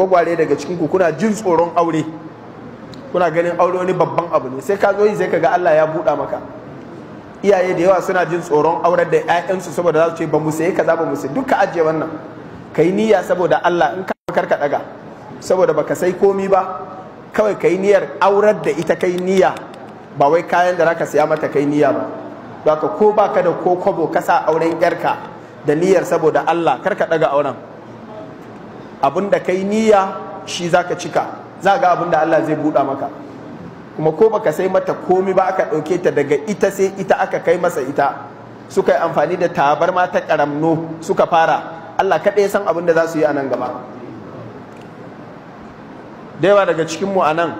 gwagware daga cikin ku kuna jin tsoron aure kuna ganin aure wani babban abu ne sai ka zo yi sai ka ga Allah ya buɗa maka iyaye da yawa suna jin tsoron aure da 'ya'yansu saboda za su ce ba mu sai kaza ba mu sai duka ajiye wannan kai yi niyya saboda Allah in ka ka daga saboda baka sai komi ba kawai ka yi niyyar aurar da ita kai niyya ba wai kayan da zaka siya mata kai niyya ba don ko baka da ko kwabo ka sa auren yarka da niyyar saboda Allah kar ka daga auren abin da kai niyya shi zaka cika za ga abin da Allah zai buɗa maka kuma ko baka sai mata komi ba aka ɗauke ta daga ita sai ita aka kai masa ita suka yi amfani da tabarma ta karamno suka fara Allah kaɗai san abin da za su yi a nan gaba da yawa daga cikinmu a nan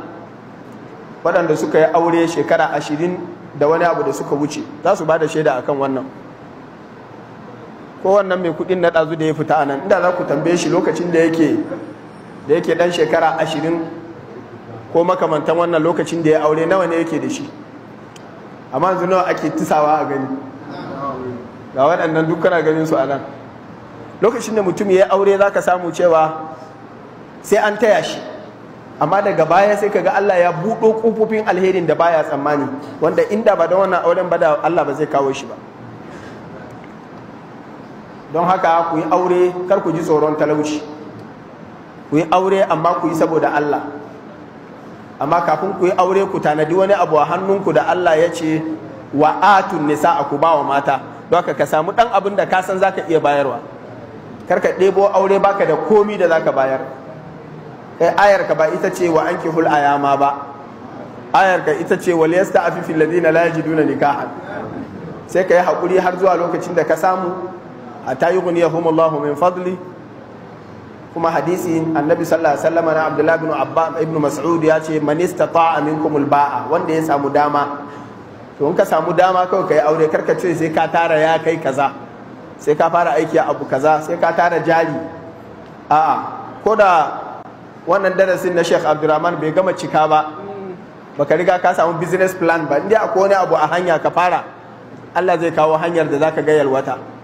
waɗanda suka yi aure shekara ashirin da wani abu da suka wuce za su ba da shaida akan wannan ko wannan mai kudin na ɗazu da ya fita a nan inda za ku tambaye shi lokacin da yake da yake ɗan shekara ashirin ko makamantan wannan lokacin da ya aure nawa ne yake da shi amma yanzu nawa ake tisawa a gani ga waɗannan dukkan ganin su a nan lokacin da mutum ya aure za ka samu cewa sai an taya shi amma daga baya sai ka ga Allah ya buɗo ƙofofin alherin da baya tsammani wanda inda ba da wannan auren ba da Allah ba zai kawo shi ba don haka ku yi aure kar ku ji tsoron talauci ku yi aure amma ku yi saboda Allah amma kafin ku yi aure ku tanadi wani abu a hannunku da Allah ya ce wa atun nisa a ku bawa mata don haka ka samu dan abin da ka san zaka iya bayarwa kar ka ɗebo aure baka da komi da zaka bayar kai ayar ka ba ita ce wa kihul ayama ba ayar ka ita ce wal yasta'fifil ladina la yajiduna nikahan sai ka yi hakuri har zuwa lokacin da ka samu guniya yughniyahum Allahu min fadli kuma hadisi annabi sallallahu alaihi wasallam na abdullahi ibn abba ibn Mas'ud ya ce man istata'a minkum al-ba'a wanda ya samu dama to in ka samu dama kawai ka yi aure karka ce sai ka tara ya kai kaza sai ka fara aiki a abu kaza sai ka tara jari a ko da wannan darasin na Sheikh Abdulrahman bai gama cika ba baka riga ka samu business plan ba inda akwai wani abu a hanya ka fara Allah zai kawo hanyar da za ka ga yalwata